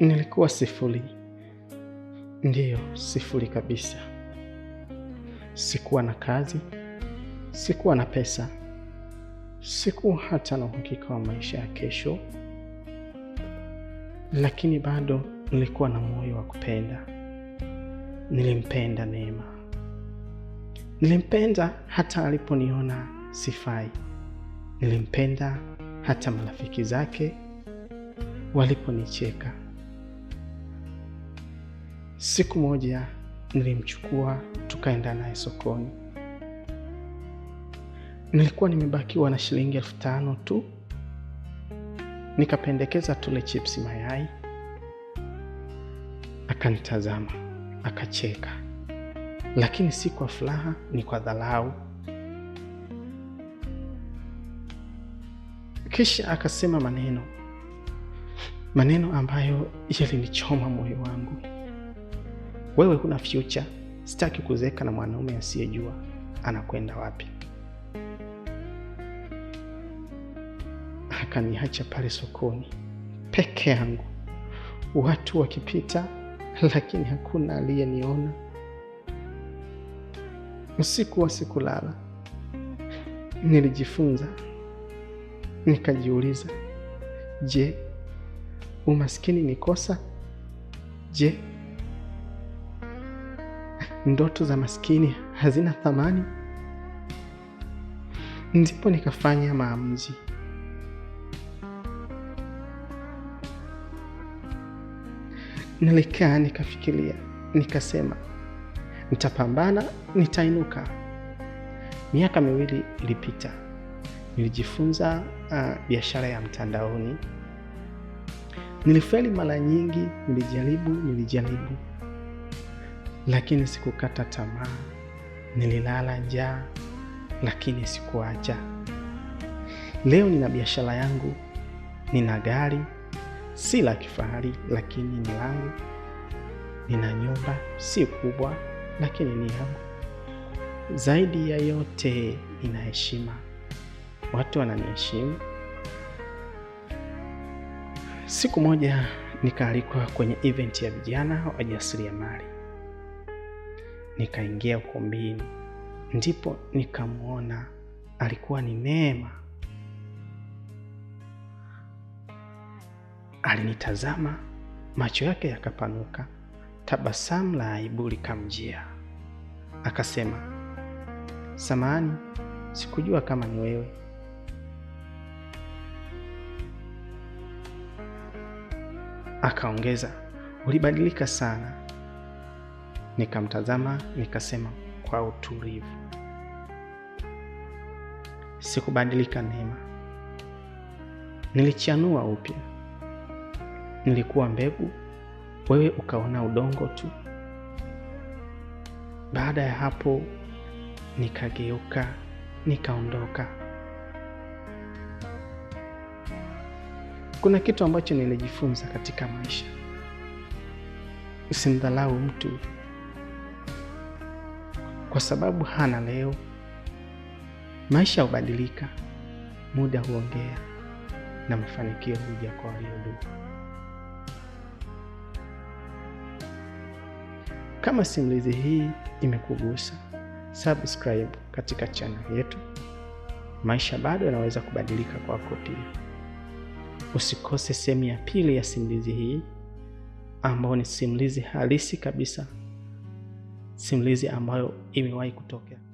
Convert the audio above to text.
nilikuwa sifuri, ndiyo sifuri kabisa. Sikuwa na kazi, sikuwa na pesa, sikuwa hata na uhakika wa maisha ya kesho, lakini bado nilikuwa na moyo wa kupenda. Nilimpenda Neema, nilimpenda hata aliponiona sifai, nilimpenda hata marafiki zake waliponicheka. Siku moja nilimchukua tukaenda naye sokoni. Nilikuwa nimebakiwa na shilingi elfu tano tu, nikapendekeza tule chipsi mayai. Akanitazama akacheka, lakini si kwa furaha, ni kwa dharau. Kisha akasema maneno maneno ambayo yalinichoma moyo wangu wewe huna future, sitaki kuzeeka na mwanaume asiyejua anakwenda wapi. Akaniacha pale sokoni peke yangu, watu wakipita, lakini hakuna aliyeniona. Usiku wa sikulala, nilijifunza nikajiuliza, je, umaskini ni kosa? Je, ndoto za maskini hazina thamani? Ndipo nikafanya maamuzi. Nilikaa nikafikiria, nikasema nitapambana, nitainuka. Miaka miwili ilipita, nilijifunza uh, biashara ya mtandaoni. Nilifeli mara nyingi, nilijaribu nilijaribu lakini sikukata tamaa. Nililala njaa, lakini sikuacha. Leo nina biashara yangu, nina gari si la kifahari, lakini ni langu. Nina nyumba si kubwa, lakini ni yangu. Zaidi ya yote, nina heshima, watu wananiheshimu. Siku moja nikaalikwa kwenye event ya vijana wajasiriamali nikaingia ukumbini, ndipo nikamwona. Alikuwa ni Neema. Alinitazama, macho yake yakapanuka, tabasamu la aibu likamjia, akasema, samani sikujua kama ni wewe. Akaongeza, ulibadilika sana Nikamtazama nikasema kwa utulivu, sikubadilika neema, nilichanua upya. Nilikuwa mbegu, wewe ukaona udongo tu. Baada ya hapo, nikageuka nikaondoka. Kuna kitu ambacho nilijifunza katika maisha: usimdhalau mtu kwa sababu hana leo. Maisha hubadilika, muda huongea, na mafanikio huja kwa waliodumu. Kama simulizi hii imekugusa, subscribe katika channel yetu. Maisha bado yanaweza kubadilika kwako pia. Usikose sehemu ya pili ya simulizi hii ambayo ni simulizi halisi kabisa simulizi ambayo imewahi kutokea.